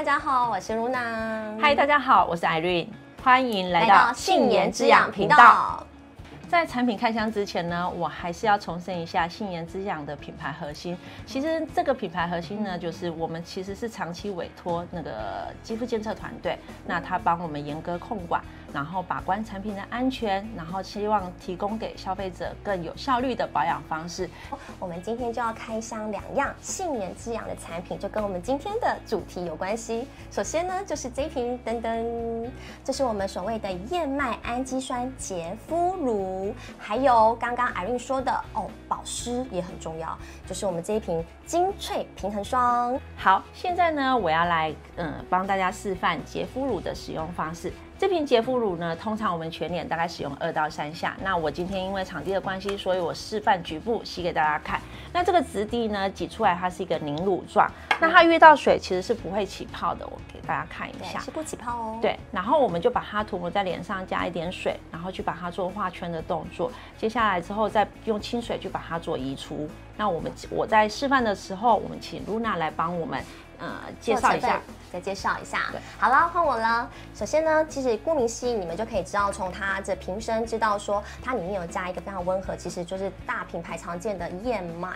大家好，我是露娜。嗨，大家好，我是艾瑞。歡迎來到，來到杏顏滋養頻道。在產品開箱之前呢，我還是要重申一下杏顏滋養的品牌核心。其實這個品牌核心呢，就是我們其實是長期委托那個肌膚檢測團隊，那他幫我們嚴格控管，然後把關產品的安全，然後希望提供給消費者更有效率的保養方式。哦、我們今天就要開箱兩樣杏顏滋養的產品，就跟我們今天的主題有關係。首先呢，就是這一瓶噔噔，這是我們所謂的燕麥胺基酸潔膚乳。還有剛剛艾 r 說的哦，保濕也很重要，就是我們這一瓶精粹平衡霜。好，現在呢，我要來嗯幫大家示範潔膚乳的使用方式。這瓶潔膚乳呢，通常我們全臉大概使用二到三下。那我今天因為場地的關係，所以我示範局部洗給大家看。那這個質地呢，擠出來它是一個凝乳狀，那它遇到水其實是不會起泡的，我給大家看一下，是不起泡哦。對，然後我們就把它塗抹在臉上，加一點水，然後去把它做畫圈的動作。接下來之後再用清水去把它做移除。那我們我在示範的時候，我們請露娜來幫我們。呃，介紹一下，再介紹一下。對，好了，換我了。首先呢，其實顧名思義，你們就可以知道，從它這瓶身知道說，它裡面有加一個非常溫和，其實就是大品牌常見的燕麥，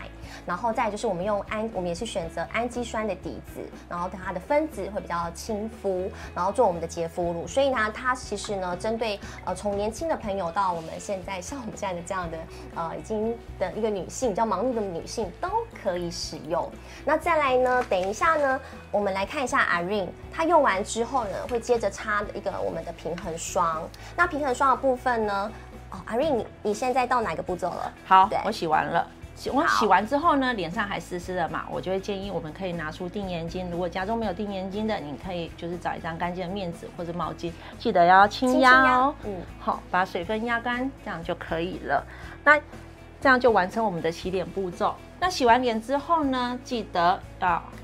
然後再就是我們用胺，我們也是選擇胺基酸的底子，然後跟它的分子會比較親膚，然後做我們的潔膚乳。所以呢，它其實呢，針對呃從年輕的朋友到我們現在像我們現在的這樣的呃已經的一個女性，比較忙碌的女性都可以使用。那再來呢，等一下呢。我們來看一下 Irene，他用完之後呢，會接着擦一個我們的平衡霜。那平衡霜的部分呢，哦，Irene，你你現在到哪個步驟了？好，對我洗完了。洗完，洗完之後呢，臉上還濕濕的嘛，我就會建議我們可以拿出定顏巾。如果家中沒有定顏巾的，你可以就是找一張乾淨的面紙或者毛巾，記得要輕壓哦。嗯，好，把水分壓乾，這樣就可以了。那這樣就完成我們的洗臉步驟。那洗完臉之後呢，記得。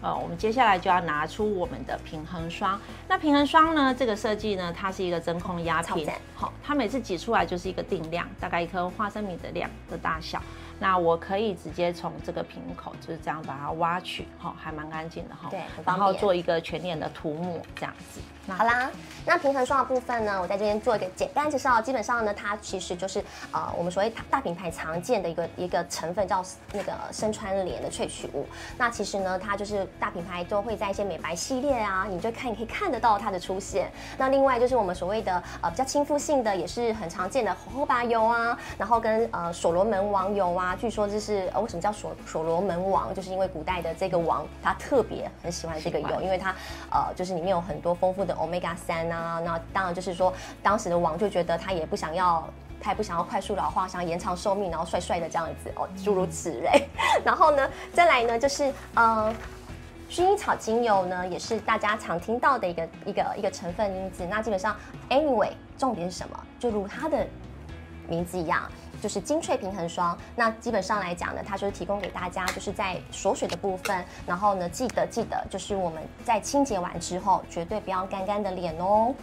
呃、嗯，我們接下來就要拿出我們的平衡霜。那平衡霜呢？這個設計呢，它是一個真空壓瓶，好棒、哦，它每次擠出來就是一個定量，大概一顆花生米的量的大小。那我可以直接從這個瓶口就是這樣把它挖取，哈、哦，還蠻乾淨的哈。對，然後做一個全臉的塗抹，這樣子。好啦，那平衡霜的部分呢，我在這邊做一個簡單介紹。基本上呢，它其實就是呃我們所謂大品牌常見的一個一個成分，叫那個生川蓮的萃取物。那其實呢，它它就是大品牌都會在一些美白系列啊，你就看你可以看得到它的出現。那另外就是我們所謂的呃比較親膚性的，也是很常見的荷荷巴油啊，然後跟呃所羅門王油啊，據說就是、呃、為什麼叫所所羅門王，就是因為古代的這個王他特別很喜歡這個油，因為他呃就是裡面有很多豐富的 Omega 三啊，那當然就是說當時的王就覺得他也不想要。他也不想要快速老化，想要延長壽命，然後帥帥的這樣子哦，諸如此類。然後呢，再來呢，就是嗯、呃，薰衣草精油呢，也是大家常聽到的一個一個一個成分因子。那基本上，anyway，重點是什麼？就如它的名字一樣，就是精萃平衡霜。那基本上來講呢，它就是提供給大家，就是在鎖水的部分。然後呢，記得記得，就是我們在清潔完之後，絕對不要乾干的臉哦。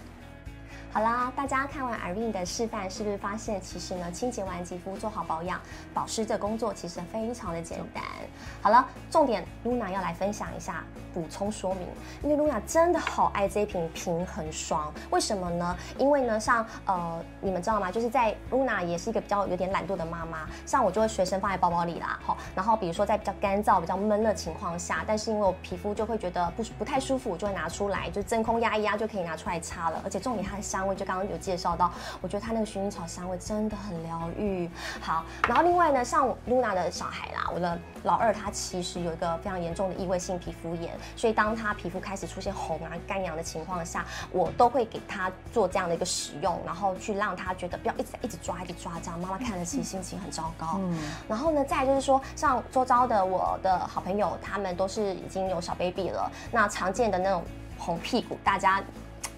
好啦，大家看完 Irene 的示範，是不是發現其實呢，清潔完肌膚做好保養、保濕這工作其實非常的簡單。重好了，重點 Luna 要來分享一下補充說明，因為 Luna 真的好愛這一瓶平衡霜，為什麼呢？因為呢，像呃，你們知道嗎？就是在 Luna 也是一個比較有點懶惰的媽媽，像我就會隨身放在包包裡啦。好，然後比如說在比較乾燥、比較悶的情況下，但是因為我皮膚就會覺得不不太舒服，我就會拿出來，就真空壓一壓就可以拿出來擦了，而且重點它。香味就剛剛有介紹到，我覺得它那個薰衣草香味真的很療癒。好，然後另外呢，像 Luna 的小孩啦，我的老二，他其實有一個非常嚴重的異位性皮膚炎，所以當他皮膚開始出現紅啊、乾癢的情況下，我都會給他做這樣的一個使用，然後去讓他覺得不要一直一直抓、一直抓，這樣媽媽看了其實心情很糟糕。嗯，然後呢，再就是說，像周遭的我的好朋友，他們都是已經有小 baby 了，那常見的那種紅屁股，大家。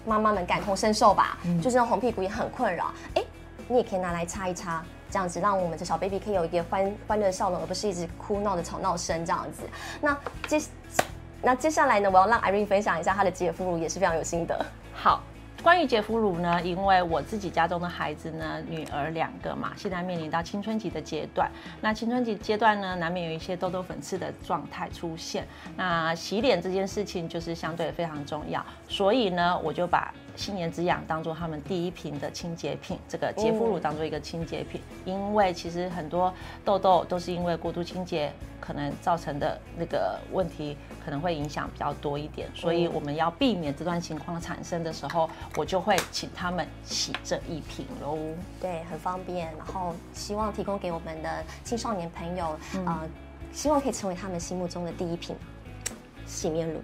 媽媽們感同身受吧，嗯、就是那紅屁股也很困擾。哎，你也可以拿來擦一擦，這樣子讓我們的小 baby 可以有一個歡歡樂的笑容，而不是一直哭鬧的吵鬧聲這樣子。那接那接下來呢，我要讓 Irene 分享一下她的潔膚乳，也是非常有心得。好。關於潔膚乳呢，因為我自己家中的孩子呢，女兒兩個嘛，現在面臨到青春期的階段，那青春期階段呢，難免有一些痘痘、粉刺的狀態出現。那洗臉這件事情就是相對非常重要，所以呢，我就把，杏顏滋養當做他們第一瓶的清潔品，這個潔膚乳當做一個清潔品，嗯、因為其實很多痘痘都是因為過度清潔可能造成的那個問題，可能會影響比較多一點，嗯、所以我們要避免這段情況產生的時候，我就會請他們洗這一瓶嘍。對，很方便，然後希望提供給我們的青少年朋友，嗯呃、希望可以成為他們心目中的第一瓶洗面乳。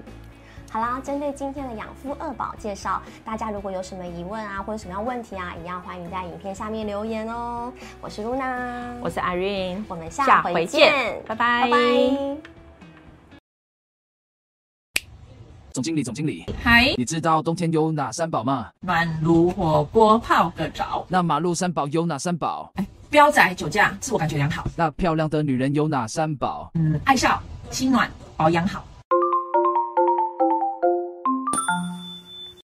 好啦，針對今天的養膚二寶介紹，大家如果有什麼疑問啊，或者什麼樣問題啊，一樣歡迎在影片下面留言哦。我是露娜，我是 Irene，我們下回見，回見拜拜。拜拜。總經理，總經理。嗨。Hi? 你知道冬天有哪三寶嗎？暖爐、火鍋、泡個澡。那馬路三寶有哪三寶？哎，飆仔酒駕，自我感覺良好。那漂亮的女人有哪三寶？嗯，愛笑、心暖、保養好。